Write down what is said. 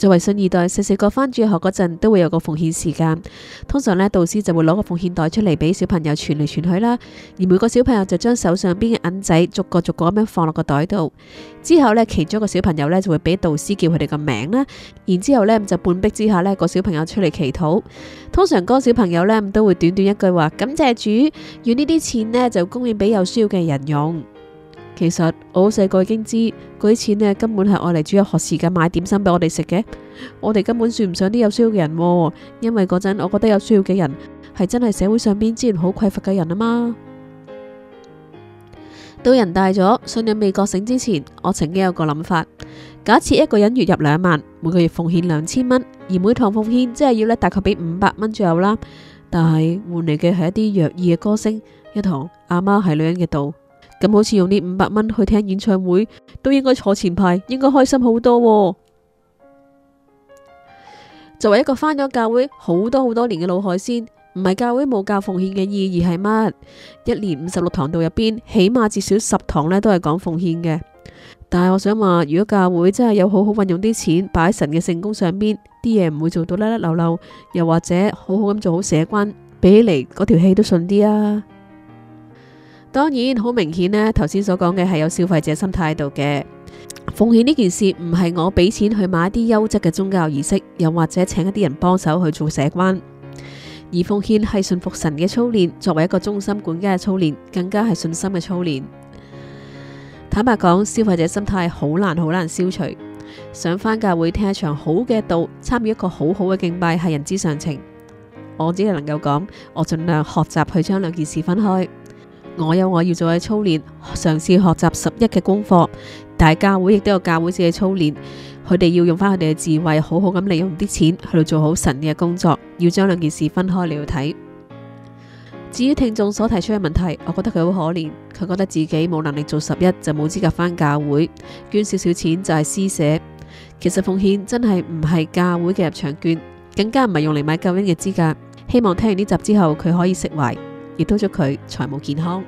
作為信二代，細細個返主日學嗰陣都會有個奉獻時間。通常呢，導師就會攞個奉獻袋出嚟俾小朋友傳嚟傳去啦。而每個小朋友就將手上邊嘅銀仔逐個逐個咁樣放落個袋度。之後呢，其中一個小朋友呢就會俾導師叫佢哋個名啦。然之後咧，就半逼之下呢、嗰個小朋友出嚟祈禱。通常嗰個小朋友呢都會短短一句話：感謝主，用呢啲錢呢就供應俾有需要嘅人用。其實我細個已經知嗰啲錢呢根本係愛嚟主要學時間買點心俾我哋食嘅，我哋根本算唔上啲有需要嘅人、啊，因為嗰陣我覺得有需要嘅人係真係社會上邊資源好匱乏嘅人啊嘛。 到人大咗，信仰未覺醒之前，我曾經有個諗法：假設一個人月入兩萬，每個月奉獻兩千蚊，而每堂奉獻即係要呢大概俾五百蚊左右啦，但係換嚟嘅係一啲弱意嘅歌聲，一堂阿媽係女人嘅道。咁好似用呢五百蚊去聽演唱會都應該坐前排，應該開心好多，哦。 作為一個返咗教會好多好多年嘅老海鮮，唔係教會冇教奉獻嘅意義係乜？一年五十六堂度入邊，起碼至少十堂呢都係講奉獻嘅。但係我想話，如果教會真係有好好運用啲錢擺喺神嘅聖工上邊，啲嘢唔會做到甩甩漏漏，又或者好好咁做好社關，比起嚟嗰條氣都順啲啊！當然，好明顯呢，頭先所講嘅係有消費者心態度嘅奉獻呢件事，唔係我俾錢去買一啲優質嘅宗教儀式，又或者請一啲人幫手去做社關。而奉獻係信服神嘅操練，作為一個忠心管家嘅操練，更加係信心嘅操練。坦白講，消費者心態好難好難消除。上返教會聽一場好嘅道，參與一個好好嘅敬拜，係人之常情。我只係能夠講，我盡量學習去將兩件事分開。我有我要做嘅操練，嘗試學習十一嘅功課。大教會亦都有教會自己嘅操練，佢哋要用翻佢哋嘅智慧，好好咁利用啲錢去到做好神嘅工作。要將兩件事分開嚟睇。至於聽眾所提出嘅問題，我覺得佢好可憐，佢覺得自己冇能力做十一就冇資格返教會捐少少錢就係施捨。其實奉獻真係唔係教會嘅入場券，更加唔係用嚟買救恩嘅資格。希望聽完呢集之後，佢可以釋懷。也祝他佢財務健康。